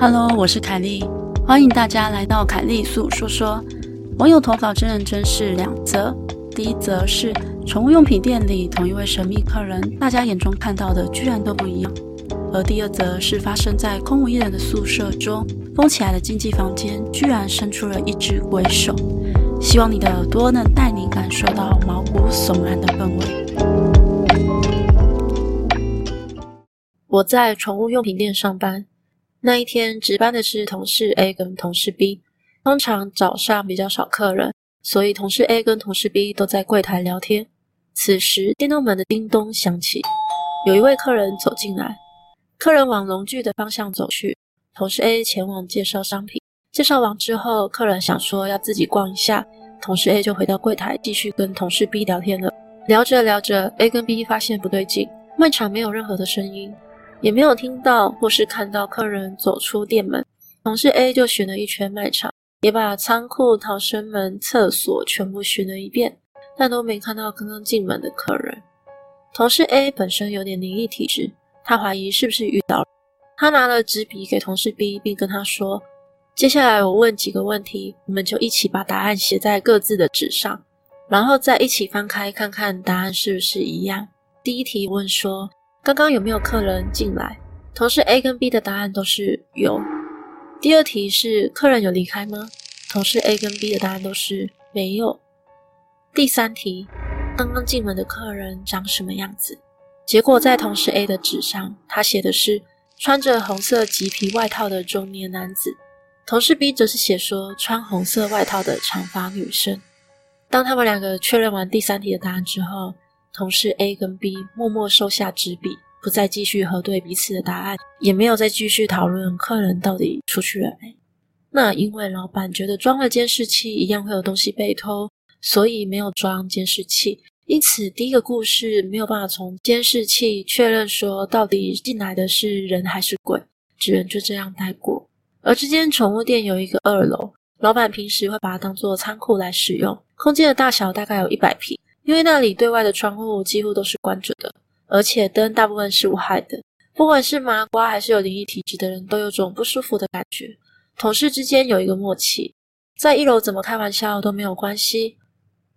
哈嘍，Hello，我是凱莉，歡迎大家來到凱莉粟說說。網友投稿真人真事兩則，第一則是寵物用品店裡，同一位神秘客人，大家眼中看到的居然都不一樣；而第二則是發生在空無一人的宿舍中，封起來的禁忌房間居然伸出了一隻鬼手。希望你的耳朵能帶你感受到毛骨悚然的氛圍。我在寵物用品店上班。那一天值班的是同事 A 跟同事 B，通常早上比較少客人，所以同事 A 跟同事 B 都在櫃檯聊天。此時電動門的叮咚響起，有一位客人走進來，客人往籠具的方向走去，同事 A 前往介紹商品，介紹完之後，客人想說要自己逛一下，同事 A 就回到櫃檯繼續跟同事 B 聊天了。聊着聊着，A 跟 B 發現不對勁，賣場沒有任何的聲音。也沒有聽到或是看到客人走出店門，同事 A 就巡了一圈賣場，也把倉庫、逃生門、廁所全部巡了一遍，但都沒看到剛剛進門的客人。同事 A 本身有點靈異體質，他懷疑是不是遇到了。他拿了紙筆給同事 B，並跟他說：“接下來我問幾個問題，你們就一起把答案寫在各自的紙上，然後再一起翻開看看答案是不是一樣。”第一題問說。剛剛有沒有客人進來？同事 A 跟 B 的答案都是有。第二題是客人有離開嗎？同事 A 跟 B 的答案都是沒有。第三題，剛剛進門的客人長什麼樣子？結果在同事 A 的紙上，他寫的是穿着紅色麂皮外套的中年男子；同事 B 則是寫說穿紅色外套的長髮女生。當他們兩個確認完第三題的答案之後，同事 A 跟 B 默默收下紙筆，不再繼續核對彼此的答案，也沒有再繼續討論客人到底出去了沒。那因為老板覺得裝了監視器一樣會有東西被偷，所以沒有裝監視器。因此，第一個故事沒有辦法從監視器確認說到底進來的是人還是鬼，只能就這樣帶過。而這間寵物店有一個二樓，老板平時會把它當做倉庫來使用，空間的大小大概有一百平。因為那裡對外的窗戶幾乎都是關着的，而且燈大部分是無害的。不管是麻瓜還是有靈異體質的人，都有種不舒服的感覺。同事之間有一個默契，在一樓怎麼開玩笑都沒有關係，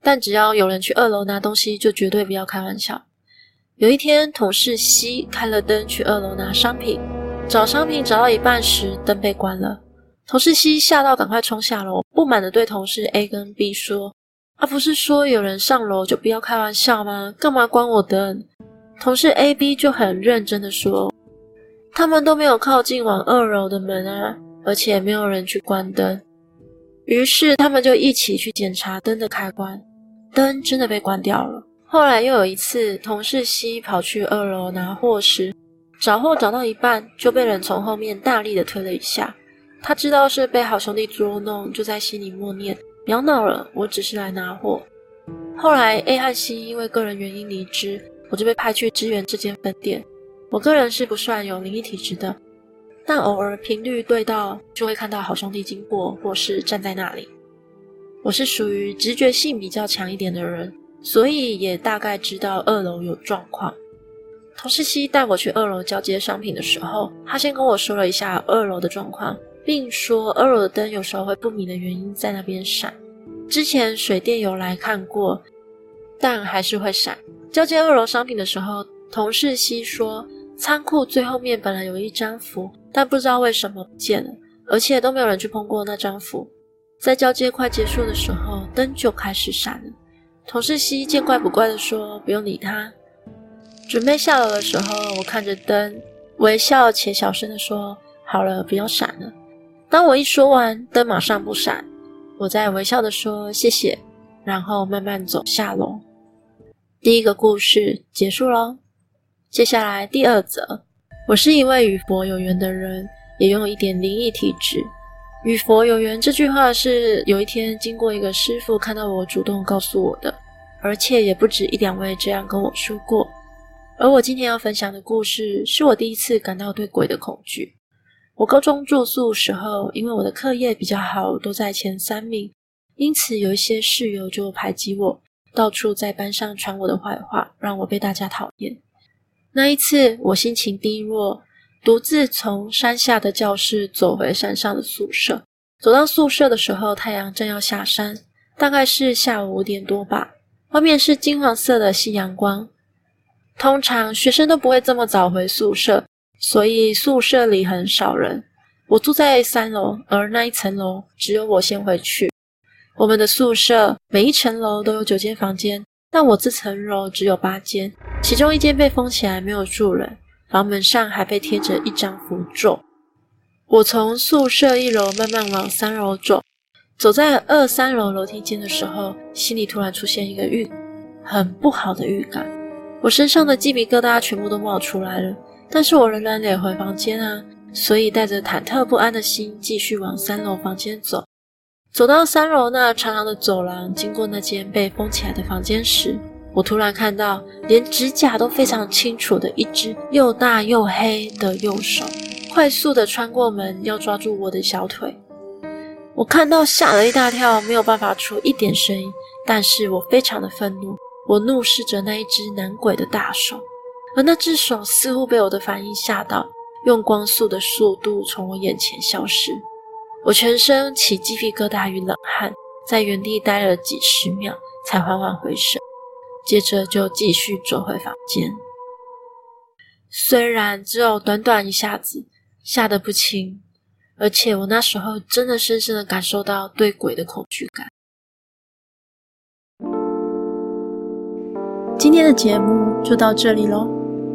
但只要有人去二樓拿東西，就絕對不要開玩笑。有一天，同事 C 開了燈去二樓拿商品，找商品找到一半時，燈被關了。同事 C 嚇到，趕快衝下樓，不滿的對同事 A 跟 B 說。他、啊、不是說有人上樓就不要開玩笑嗎？幹嘛關我燈？同事 A、B 就很認真的說，他們都沒有靠近往二樓的門啊，而且沒有人去關燈。於是他們就一起去檢查燈的開關，燈真的被關掉了。後來又有一次，同事 C 跑去二樓拿貨時，找貨找到一半就被人從後面大力的推了一下。他知道是被好兄弟捉弄，就在心裡默念。不要鬧了，我只是來拿貨。後來 A 和 C 因為個人原因離職，我就被派去支援這間分店。我個人是不算有靈異體質的，但偶爾頻率對到，就會看到好兄弟經過或是站在那裡。我是屬於直覺性比較強一點的人，所以也大概知道二樓有狀況。同事 C 帶我去二樓交接商品的時候，他先跟我說了一下二樓的狀況，並說二樓的燈有時候會不明的原因在那邊閃。之前水電有來看過，但還是會閃。交接二樓商品的時候，同事西說倉庫最後面本來有一張符，但不知道為什麼不見了，而且都沒有人去碰過那張符。在交接快結束的時候，燈就開始閃了。同事西見怪不怪的說：“不用理他。”準備下樓的時候，我看着燈，微笑且小聲的說：“好了，不要閃了。”當我一說完，燈馬上不閃。我在微笑的說謝謝，然後慢慢走下樓。第一個故事結束嘍，接下來第二則。我是一位與佛有緣的人，也擁有一點靈異體質。與佛有緣這句話是有一天經過一個師傅看到我主動告訴我的，而且也不止一兩位這樣跟我說過。而我今天要分享的故事，是我第一次感到對鬼的恐懼。我高中住宿時候，因為我的課業比較好，都在前三名，因此有一些室友就排擠我，到處在班上傳我的壞話，讓我被大家討厭。那一次我心情低落，獨自從山下的教室走回山上的宿舍。走到宿舍的時候，太陽正要下山，大概是下午五點多吧。外面是金黃色的夕陽光。通常學生都不會這麼早回宿舍。所以宿舍裡很少人，我住在三樓，而那一層樓只有我先回去。我們的宿舍每一層樓都有九間房間，但我這層樓只有八間，其中一間被封起來沒有住人，房門上還被貼着一張符咒。我從宿舍一樓慢慢往三樓走，走在二三樓樓梯間的時候，心裡突然出現一個預，很不好的預感，我身上的雞皮疙瘩全部都冒出來了。但是我仍然得回房間啊，所以帶着忐忑不安的心，繼續往三樓房間走。走到三樓那長長的走廊，經過那間被封起來的房間時，我突然看到連指甲都非常清楚的一隻又大又黑的右手，快速的穿過門要抓住我的小腿。我看到嚇了一大跳，沒有辦法出一點聲音，但是我非常的憤怒，我怒視着那一隻男鬼的大手。而那隻手似乎被我的反應嚇到，用光速的速度從我眼前消失。我全身起雞皮疙瘩與冷汗，在原地待了幾十秒，才緩緩回神，接着就繼續走回房間。雖然只有短短一下子，嚇得不輕，而且我那時候真的深深的感受到對鬼的恐懼感。今天的節目就到這裡嘍。